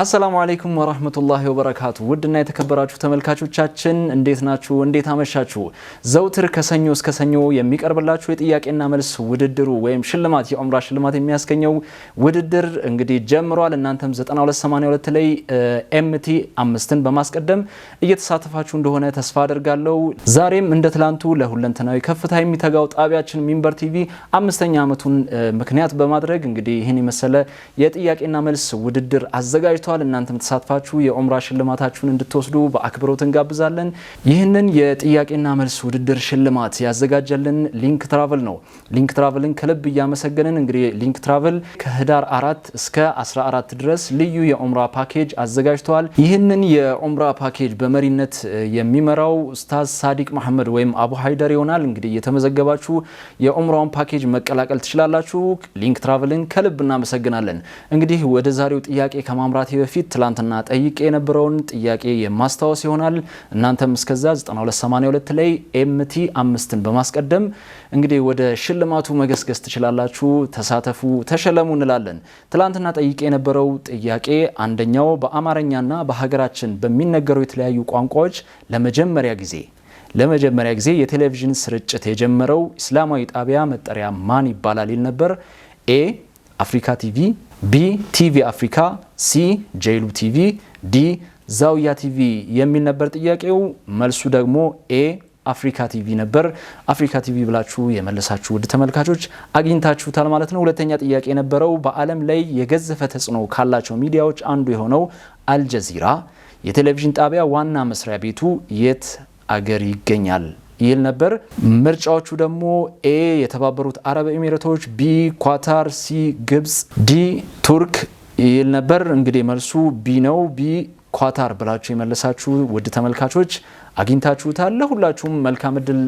አሰላሙ አለይኩም ወራህመቱላሂ ወበረካቱ። ውድና የተከበራችሁ ተመልካቾቻችን እንዴት ናችሁ? እንዴት አመሻችሁ? ዘውትር ከሰኞ እስከ ሰኞ የሚቀርብላችሁ የጥያቄና መልስ ውድድሩ ወይም ሽልማት የዑምራ ሽልማት የሚያስገኘው ውድድር እንግዲህ ጀምሯል። እናንተም 9282 ላይ ኤምቲ አምስትን በማስቀደም እየተሳተፋችሁ እንደሆነ ተስፋ አደርጋለሁ። ዛሬም እንደ ትላንቱ ለሁለንተናዊ ከፍታ የሚተጋው ጣቢያችን ሚንበር ቲቪ አምስተኛ ዓመቱን ምክንያት በማድረግ እንግዲህ ይህን የመሰለ የጥያቄና መልስ ውድድር አዘጋጅቷል። ተዘጋጅቷል። እናንተም ተሳትፋችሁ የኡምራ ሽልማታችሁን እንድትወስዱ በአክብሮት እንጋብዛለን። ይህንን የጥያቄና መልስ ውድድር ሽልማት ያዘጋጀልን ሊንክ ትራቨል ነው። ሊንክ ትራቨልን ከልብ እያመሰገንን እንግዲህ ሊንክ ትራቨል ከህዳር አራት እስከ 14 ድረስ ልዩ የኡምራ ፓኬጅ አዘጋጅተዋል። ይህንን የኡምራ ፓኬጅ በመሪነት የሚመራው ኡስታዝ ሳዲቅ መሐመድ ወይም አቡ ሀይደር ይሆናል። እንግዲህ የተመዘገባችሁ የኡምራውን ፓኬጅ መቀላቀል ትችላላችሁ። ሊንክ ትራቨልን ከልብ እናመሰግናለን። እንግዲህ ወደ ዛሬው ጥያቄ ከማምራት ከሰዓት በፊት ትላንትና ጠይቄ የነበረውን ጥያቄ የማስታወስ ይሆናል። እናንተም እስከዛ 9282 ላይ ኤምቲ አምስትን በማስቀደም እንግዲህ ወደ ሽልማቱ መገስገስ ትችላላችሁ። ተሳተፉ፣ ተሸለሙ እንላለን። ትላንትና ጠይቄ የነበረው ጥያቄ አንደኛው በአማርኛና በሀገራችን በሚነገሩ የተለያዩ ቋንቋዎች ለመጀመሪያ ጊዜ ለመጀመሪያ ጊዜ የቴሌቪዥን ስርጭት የጀመረው ኢስላማዊ ጣቢያ መጠሪያ ማን ይባላል? ይል ነበር ኤ አፍሪካ ቲቪ፣ ቢ ቲቪ አፍሪካ፣ ሲ ጄሉ ቲቪ፣ ዲ ዛውያ ቲቪ የሚል ነበር ጥያቄው። መልሱ ደግሞ ኤ አፍሪካ ቲቪ ነበር። አፍሪካ ቲቪ ብላችሁ የመለሳችሁ ውድ ተመልካቾች አግኝታችሁታል ማለት ነው። ሁለተኛ ጥያቄ የነበረው በዓለም ላይ የገዘፈ ተጽዕኖ ካላቸው ሚዲያዎች አንዱ የሆነው አልጀዚራ የቴሌቪዥን ጣቢያ ዋና መስሪያ ቤቱ የት አገር ይገኛል ይል ነበር። ምርጫዎቹ ደግሞ ኤ የተባበሩት አረብ ኤሚሬቶች፣ ቢ ኳታር፣ ሲ ግብጽ፣ ዲ ቱርክ ይል ነበር። እንግዲህ መልሱ ቢ ነው። ቢ ኳታር ብላችሁ የመለሳችሁ ውድ ተመልካቾች አግኝታችሁታል። ለሁላችሁም መልካም እድል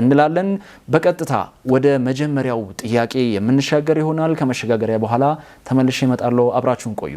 እንላለን። በቀጥታ ወደ መጀመሪያው ጥያቄ የምንሻገር ይሆናል። ከመሸጋገሪያ በኋላ ተመልሼ እመጣለሁ። አብራችሁን ቆዩ።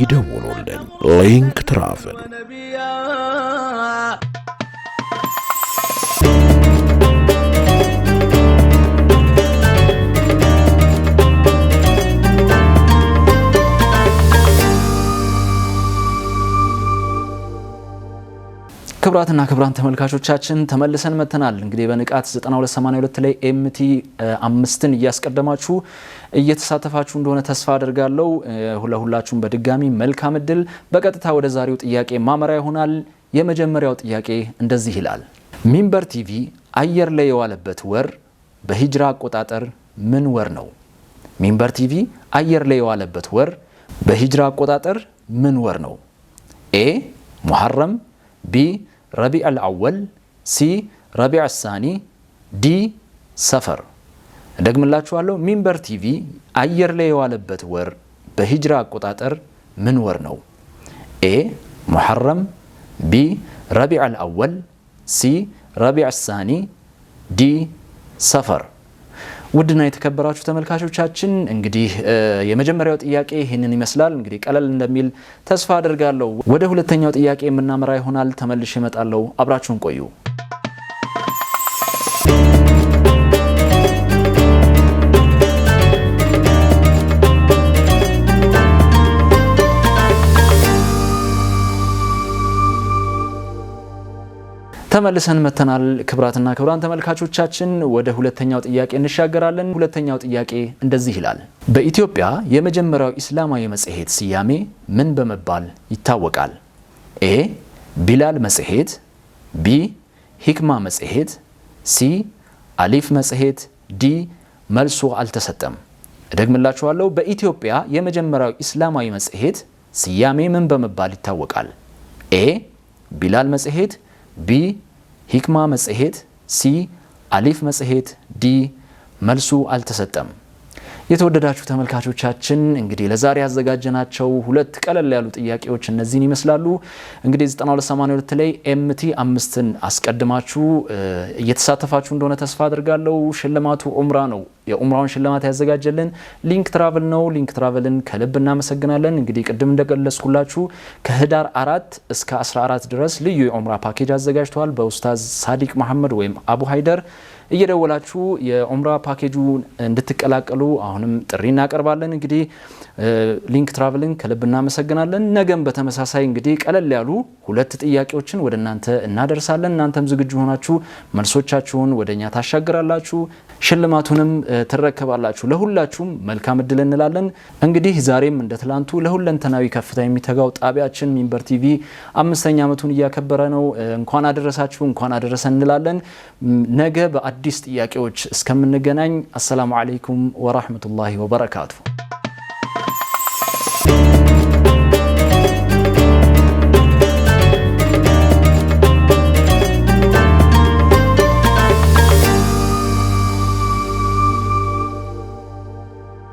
ይደውሉልን። ሊንክ ትራቨል ክብራትና ክብራን ተመልካቾቻችን ተመልሰን መጥተናል። እንግዲህ በንቃት 9282 ላይ ኤምቲ አምስትን እያስቀደማችሁ እየተሳተፋችሁ እንደሆነ ተስፋ አድርጋለሁ። ለሁላችሁም በድጋሚ መልካም እድል። በቀጥታ ወደ ዛሬው ጥያቄ ማመራ ይሆናል። የመጀመሪያው ጥያቄ እንደዚህ ይላል። ሚንበር ቲቪ አየር ላይ የዋለበት ወር በሂጅራ አቆጣጠር ምን ወር ነው? ሚንበር ቲቪ አየር ላይ የዋለበት ወር በሂጅራ አቆጣጠር ምን ወር ነው? ኤ ሙሐረም ቢ ረቢዕ አልአወል፣ ሲ ረቢዕ ሳኒ፣ ዲ ሰፈር። ደግምላችኋለሁ። ሚንበር ቲቪ አየር ላይ የዋለበት ወር በሂጅራ አቆጣጠር ምን ወር ነው? ኤ ሙሐረም፣ ቢ ረቢዕ አልአወል፣ ሲ ረቢዕ ሳኒ፣ ዲ ሰፈር ውድና የተከበራችሁ ተመልካቾቻችን እንግዲህ የመጀመሪያው ጥያቄ ይህንን ይመስላል። እንግዲህ ቀለል እንደሚል ተስፋ አድርጋለሁ። ወደ ሁለተኛው ጥያቄ የምናመራ ይሆናል። ተመልሼ እመጣለሁ። አብራችሁን ቆዩ። ተመልሰን መተናል። ክብራትና ክብራን ተመልካቾቻችን ወደ ሁለተኛው ጥያቄ እንሻገራለን። ሁለተኛው ጥያቄ እንደዚህ ይላል። በኢትዮጵያ የመጀመሪያው ኢስላማዊ መጽሔት ስያሜ ምን በመባል ይታወቃል? ኤ ቢላል መጽሔት፣ ቢ ሂክማ መጽሔት፣ ሲ አሊፍ መጽሔት፣ ዲ መልሱ አልተሰጠም። እደግምላችኋለሁ። በኢትዮጵያ የመጀመሪያው ኢስላማዊ መጽሔት ስያሜ ምን በመባል ይታወቃል? ኤ ቢላል መጽሔት፣ ቢ ሂክማ መጽሔት፣ ሲ አሊፍ መጽሔት፣ ዲ መልሱ አልተሰጠም። የተወደዳችሁ ተመልካቾቻችን እንግዲህ ለዛሬ ያዘጋጀናቸው ሁለት ቀለል ያሉ ጥያቄዎች እነዚህን ይመስላሉ። እንግዲህ 9282 ላይ ኤምቲ አምስትን አስቀድማችሁ እየተሳተፋችሁ እንደሆነ ተስፋ አድርጋለሁ። ሽልማቱ ኡምራ ነው። የኡምራውን ሽልማት ያዘጋጀልን ሊንክ ትራቭል ነው። ሊንክ ትራቭልን ከልብ እናመሰግናለን። እንግዲህ ቅድም እንደገለጽኩላችሁ ከህዳር አራት እስከ 14 ድረስ ልዩ የኡምራ ፓኬጅ አዘጋጅተዋል በኡስታዝ ሳዲቅ መሐመድ ወይም አቡ ሀይደር እየደወላችሁ የኡምራ ፓኬጁ እንድትቀላቀሉ አሁንም ጥሪ እናቀርባለን። እንግዲህ ሊንክ ትራቭልን ከልብ እናመሰግናለን። ነገም በተመሳሳይ እንግዲህ ቀለል ያሉ ሁለት ጥያቄዎችን ወደ እናንተ እናደርሳለን። እናንተም ዝግጁ ሆናችሁ መልሶቻችሁን ወደ እኛ ታሻግራላችሁ። ሽልማቱንም ትረከባላችሁ። ለሁላችሁም መልካም እድል እንላለን። እንግዲህ ዛሬም እንደ ትላንቱ ለሁለንተናዊ ከፍታ የሚተጋው ጣቢያችን ሚንበር ቲቪ አምስተኛ ዓመቱን እያከበረ ነው። እንኳን አደረሳችሁ፣ እንኳን አደረሰ እንላለን። ነገ በአዲስ ጥያቄዎች እስከምንገናኝ አሰላሙ አለይኩም ወራህመቱላሂ ወበረካቱ።